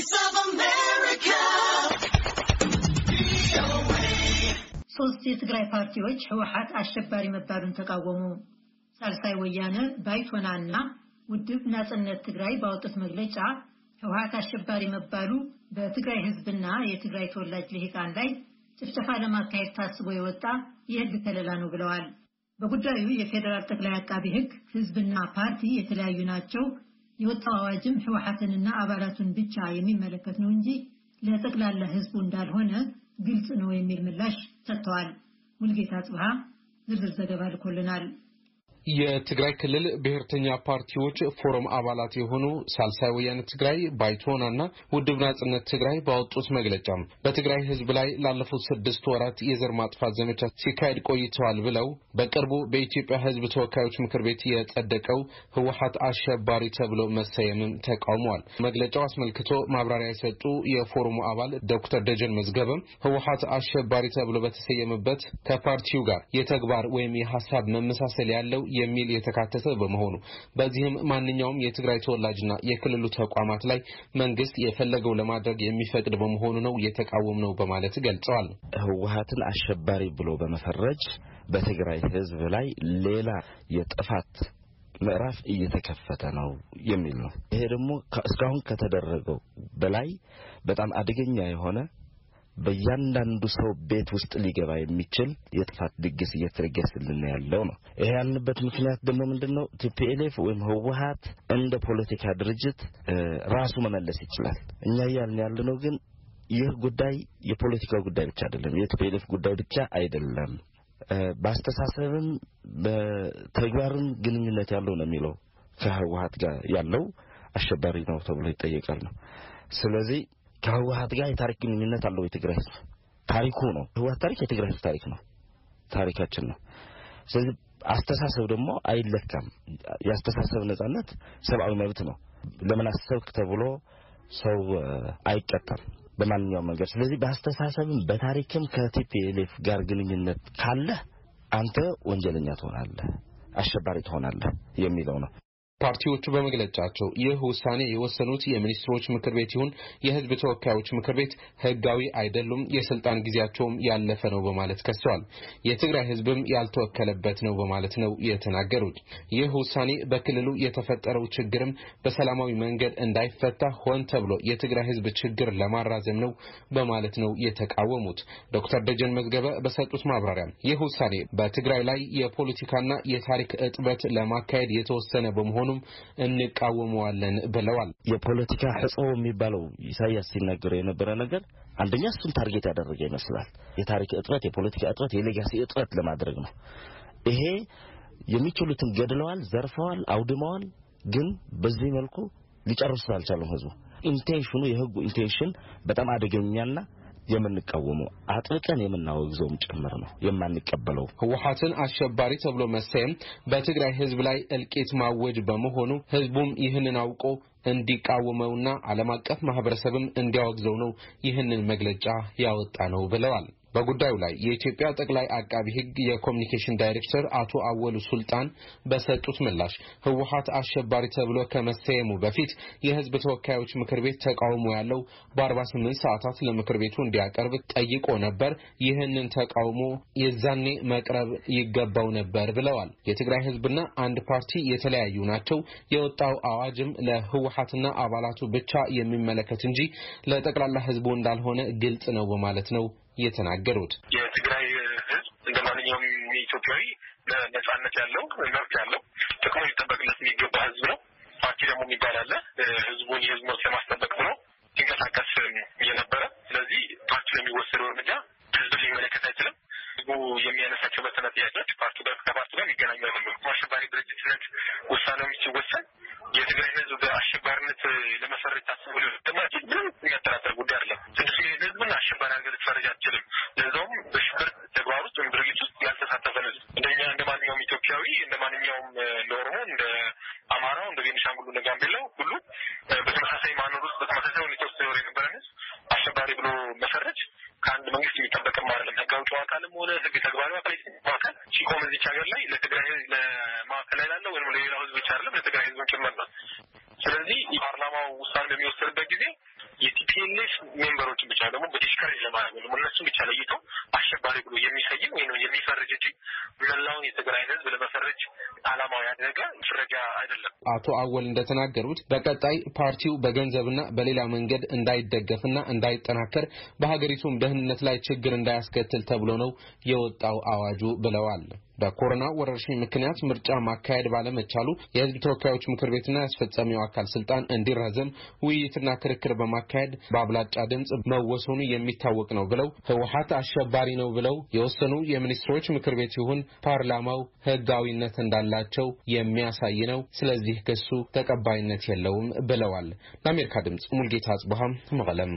Voice of America. ሶስት የትግራይ ፓርቲዎች ህወሓት አሸባሪ መባሉን ተቃወሙ። ሳልሳይ ወያነ ባይቶና እና ውድብ ናጽነት ትግራይ ባወጡት መግለጫ ህወሓት አሸባሪ መባሉ በትግራይ ህዝብና የትግራይ ተወላጅ ልሂቃን ላይ ጭፍጨፋ ለማካሄድ ታስቦ የወጣ የህግ ከለላ ነው ብለዋል። በጉዳዩ የፌዴራል ጠቅላይ አቃቢ ህግ ህዝብና ፓርቲ የተለያዩ ናቸው የወጣው አዋጅም ህወሓትንና አባላቱን ብቻ የሚመለከት ነው እንጂ ለጠቅላላ ህዝቡ እንዳልሆነ ግልጽ ነው የሚል ምላሽ ሰጥተዋል። ሙልጌታ ጽብሃ ዝርዝር ዘገባ ልኮልናል። የትግራይ ክልል ብሔርተኛ ፓርቲዎች ፎረም አባላት የሆኑ ሳልሳይ ወያነ ትግራይ፣ ባይቶና እና ውድብ ናጽነት ትግራይ ባወጡት መግለጫ በትግራይ ሕዝብ ላይ ላለፉት ስድስት ወራት የዘር ማጥፋት ዘመቻ ሲካሄድ ቆይተዋል ብለው በቅርቡ በኢትዮጵያ ሕዝብ ተወካዮች ምክር ቤት የጸደቀው ህወሀት አሸባሪ ተብሎ መሰየምም ተቃውመዋል። መግለጫው አስመልክቶ ማብራሪያ የሰጡ የፎረሙ አባል ዶክተር ደጀን መዝገበም ህወሀት አሸባሪ ተብሎ በተሰየመበት ከፓርቲው ጋር የተግባር ወይም የሀሳብ መመሳሰል ያለው የሚል የተካተተ በመሆኑ በዚህም ማንኛውም የትግራይ ተወላጅና የክልሉ ተቋማት ላይ መንግስት የፈለገው ለማድረግ የሚፈቅድ በመሆኑ ነው የተቃወም ነው በማለት ገልጸዋል። ህወሀትን አሸባሪ ብሎ በመፈረጅ በትግራይ ህዝብ ላይ ሌላ የጥፋት ምዕራፍ እየተከፈተ ነው የሚል ነው። ይሄ ደግሞ እስካሁን ከተደረገው በላይ በጣም አደገኛ የሆነ በእያንዳንዱ ሰው ቤት ውስጥ ሊገባ የሚችል የጥፋት ድግስ እየተደገሰልን ያለው ነው። ይሄ ያልንበት ምክንያት ደግሞ ምንድን ነው? ቲፒኤልኤፍ ወይም ህወሀት እንደ ፖለቲካ ድርጅት ራሱ መመለስ ይችላል። እኛ እያልን ነው ግን ይህ ጉዳይ የፖለቲካ ጉዳይ ብቻ አይደለም፣ የቲፒኤልኤፍ ጉዳይ ብቻ አይደለም። በአስተሳሰብም በተግባርም ግንኙነት ያለው ነው የሚለው ከህወሀት ጋር ያለው አሸባሪ ነው ተብሎ ይጠየቃል ነው ስለዚህ ከህወሀት ጋር የታሪክ ግንኙነት አለው የትግራይ ህዝብ ታሪኩ ነው። ህወሀት ታሪክ የትግራይ ህዝብ ታሪክ ነው፣ ታሪካችን ነው። ስለዚህ አስተሳሰብ ደግሞ አይለካም። የአስተሳሰብ ነጻነት ሰብአዊ መብት ነው። ለምን አሰብክ ተብሎ ሰው አይቀጣም በማንኛውም መንገድ። ስለዚህ በአስተሳሰብም በታሪክም ከቲፒኤልኤፍ ጋር ግንኙነት ካለ አንተ ወንጀለኛ ትሆናለህ፣ አሸባሪ ትሆናለህ የሚለው ነው። ፓርቲዎቹ በመግለጫቸው ይህ ውሳኔ የወሰኑት የሚኒስትሮች ምክር ቤት ይሁን የህዝብ ተወካዮች ምክር ቤት ህጋዊ አይደሉም፣ የስልጣን ጊዜያቸውም ያለፈ ነው በማለት ከሰዋል። የትግራይ ህዝብም ያልተወከለበት ነው በማለት ነው የተናገሩት። ይህ ውሳኔ በክልሉ የተፈጠረው ችግርም በሰላማዊ መንገድ እንዳይፈታ ሆን ተብሎ የትግራይ ህዝብ ችግር ለማራዘም ነው በማለት ነው የተቃወሙት። ዶክተር ደጀን መዝገበ በሰጡት ማብራሪያ ይህ ውሳኔ በትግራይ ላይ የፖለቲካና የታሪክ እጥበት ለማካሄድ የተወሰነ በመሆኑ በመሆኑም እንቃወመዋለን ብለዋል። የፖለቲካ ሕጾ የሚባለው ኢሳያስ ሲናገሩ የነበረ ነገር አንደኛ እሱን ታርጌት ያደረገ ይመስላል። የታሪክ እጥረት፣ የፖለቲካ እጥረት፣ የሌጋሲ እጥረት ለማድረግ ነው። ይሄ የሚችሉትን ገድለዋል፣ ዘርፈዋል፣ አውድመዋል። ግን በዚህ መልኩ ሊጨርሱት አልቻሉም። ህዝቡ ኢንቴንሽኑ የህጉ ኢንቴንሽን በጣም አደገኛና የምንቃወመው አጥብቀን የምናወግዘውም ጭምር ነው የማንቀበለው። ህወሓትን አሸባሪ ተብሎ መሰየም በትግራይ ህዝብ ላይ እልቂት ማወጅ በመሆኑ ህዝቡም ይህንን አውቆ እንዲቃወመውና ዓለም አቀፍ ማህበረሰብም እንዲያወግዘው ነው ይህንን መግለጫ ያወጣ ነው ብለዋል። በጉዳዩ ላይ የኢትዮጵያ ጠቅላይ አቃቢ ሕግ የኮሚኒኬሽን ዳይሬክተር አቶ አወሉ ሱልጣን በሰጡት ምላሽ ህወሀት አሸባሪ ተብሎ ከመሰየሙ በፊት የህዝብ ተወካዮች ምክር ቤት ተቃውሞ ያለው በ48 ሰዓታት ለምክር ቤቱ እንዲያቀርብ ጠይቆ ነበር። ይህንን ተቃውሞ የዛኔ መቅረብ ይገባው ነበር ብለዋል። የትግራይ ህዝብና አንድ ፓርቲ የተለያዩ ናቸው። የወጣው አዋጅም ለህወሀትና አባላቱ ብቻ የሚመለከት እንጂ ለጠቅላላ ህዝቡ እንዳልሆነ ግልጽ ነው በማለት ነው የተናገሩት። የትግራይ ህዝብ እንደ ማንኛውም ኢትዮጵያዊ ነጻነት ያለው መብት ያለው ጥቅሞ ሊጠበቅለት የሚገባ ህዝብ ነው። ፓርቲ ደግሞ የሚባል አለ። ህዝቡን የህዝብ መብት ለማስጠበቅ ብሎ ሲንቀሳቀስ የነበረ ስለዚህ ፓርቲ የሚወሰደው እርምጃ ህዝብ ሊመለከት አይችልም። ህዝቡ የሚያነሳቸው በተነ ጥያቄዎች ፓርቲ ከፓርቲ ጋር የሚገናኙ አይደሉም። አሸባሪ ድርጅትነት ውሳኔዎች ሲወሰን የትግራይ ህዝብ በአሸባሪነት ለመሰረት ታስቡ ሊሆን እንደማይችል ምንም የሚያጠራጥር ሁሉ ነገር ለጋምቤላው ሁሉ በተመሳሳይ ማኖር ውስጥ በተመሳሳይ ሁኔታ ውስጥ ሲኖር የነበረን አሸባሪ ብሎ መሰረች ከአንድ መንግስት የሚጠበቅም አይደለም። ህግ አውጪው አካልም ሆነ ህግ ተግባሪ አካል አካል ሲቆም እዚች ሀገር ላይ ለትግራይ ለማዕከል ላይ ላለው ወይም ለሌላው ህዝብ ብቻ አይደለም ለትግራይ ህዝብ ጭምር ነው። ሜምበሮችን ብቻ ደግሞ በዲስካሬጅ ለማድረግ ነው። እነሱም ብቻ ለይቶ አሸባሪ ብሎ የሚሰይም ወይ ነው የሚፈርጅ እንጂ መላውን የትግራይ ሕዝብ ለመፈረጅ አላማው ያደረገ ፍረጃ አይደለም። አቶ አወል እንደተናገሩት በቀጣይ ፓርቲው በገንዘብና በሌላ መንገድ እንዳይደገፍና እንዳይጠናከር በሀገሪቱም ደህንነት ላይ ችግር እንዳያስከትል ተብሎ ነው የወጣው አዋጁ ብለዋል። በኮሮና ወረርሽኝ ምክንያት ምርጫ ማካሄድ ባለመቻሉ የህዝብ ተወካዮች ምክር ቤትና ያስፈጻሚው አካል ስልጣን እንዲራዘም ውይይትና ክርክር በማካሄድ በአብላጫ ድምፅ መወሰኑ የሚታወቅ ነው ብለው ህወሀት አሸባሪ ነው ብለው የወሰኑ የሚኒስትሮች ምክር ቤት ይሁን ፓርላማው ህጋዊነት እንዳላቸው የሚያሳይ ነው። ስለዚህ ክሱ ተቀባይነት የለውም ብለዋል። ለአሜሪካ ድምፅ ሙልጌታ አጽብሃም መቀለም